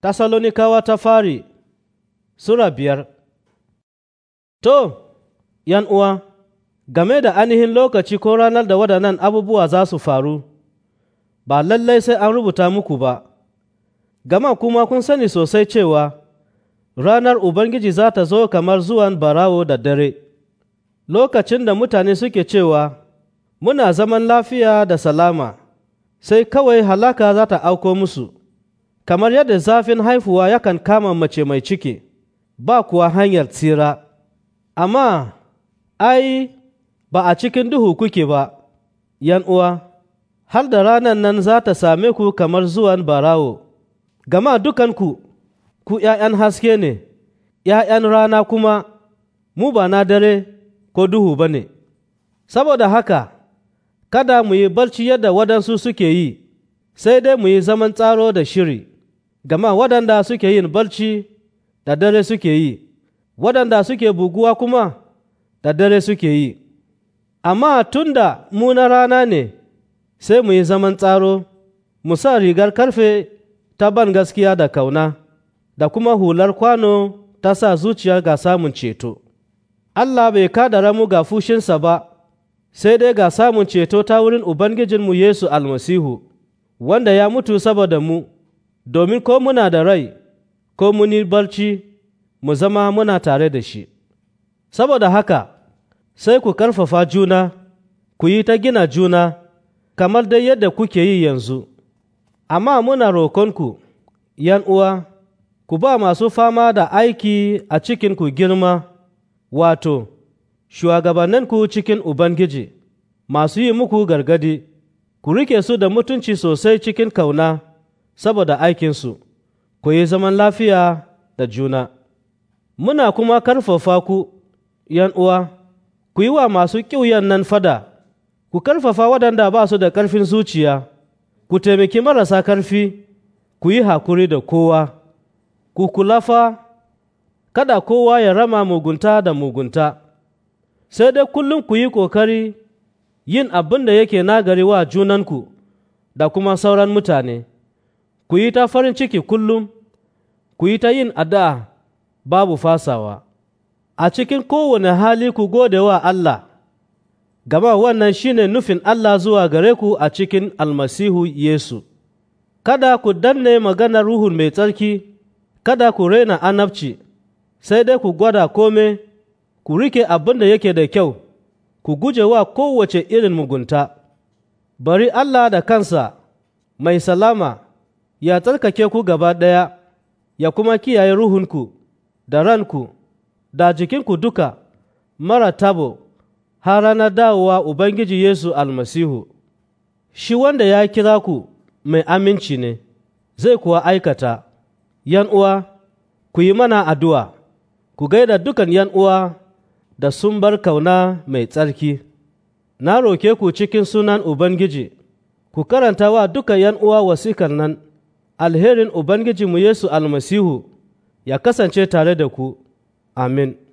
Tasalonikawa ta fari Sura biyar To, ’yan uwa, game da ainihin lokaci ko ranar da waɗannan abubuwa za su faru, ba lallai sai an rubuta muku ba, gama kuma kun sani sosai cewa ranar Ubangiji za ta zo kamar zuwan barawo da dare, lokacin da mutane suke cewa muna zaman lafiya da salama, sai kawai halaka za ta auko musu. kamar yadda zafin haifuwa yakan kama mace mai ciki ba kuwa hanyar tsira amma ai ba a cikin duhu kuke ba yan uwa har da ranar nan za ta same ku kamar zuwan barawo gama dukanku ku ’ya'yan haske ne ’ya'yan rana kuma mu ba na dare ko duhu ba ne saboda haka kada mu yi barci yadda waɗansu suke yi sai dai mu yi zaman tsaro da shiri gama waɗanda suke yin barci da dare suke yi, waɗanda suke buguwa kuma da dare suke yi, amma tunda mu na rana ne sai mu yi zaman tsaro, mu sa rigar karfe ta ban gaskiya da kauna, da kuma hular kwano ta sa zuciya ga samun ceto. Allah bai kada ramu ga fushinsa ba, sai dai ga samun ceto ta wurin Ubangijinmu Yesu almasihu, wanda ya mutu saboda mu. domin ko muna da rai ko muni barci mu zama muna tare da shi saboda haka sai ku karfafa juna ku yi ta gina juna kamar dai yadda kuke yi yanzu amma muna rokonku yan uwa ku ba masu fama da aiki a cikinku girma wato shugabanninku cikin ubangiji masu yi muku gargadi ku rike su da mutunci sosai cikin kauna saboda aikinsu, ku yi zaman lafiya da juna. Muna kuma karfafa ku, uwa, ku yi wa masu ƙiuyan nan fada, ku karfafa waɗanda ba su da ƙarfin zuciya, ku taimaki marasa ƙarfi, ku yi hakuri da kowa, ku kulafa, kada kowa ya rama mugunta da mugunta, sai dai kullum ku yi ƙoƙari yin abin da yake nagari wa junanku da kuma sauran mutane. ku yi ta farin ciki kullum, ku yi ta yin addu'a babu fasawa, a cikin kowane hali ku gode wa Allah, gama wannan shi ne nufin Allah zuwa gare ku a cikin almasihu Yesu. Kada ku danne maganar Ruhun mai tsarki, kada ku raina anabci, sai dai ku gwada kome, ku rike abin da yake da kyau, ku guje wa kowace irin mugunta. Bari Allah da kansa mai salama. ya tsarkake ku gaba ɗaya, ya kuma kiyaye ruhunku, da ranku, da jikinku duka, mara tabo, har ranar dawowa Ubangiji Yesu almasihu. Shi wanda ya kira ku mai aminci ne, zai kuwa aikata, ‘yan uwa, ku yi mana addu'a, ku gaida dukan ‘yan uwa da sun bar kauna mai tsarki. Na roke ku cikin sunan Ubangiji, ku karanta wa duka ‘yan uwa wasikar nan. alherin Ubangijinmu Yesu almasihu ya kasance tare da ku, amin.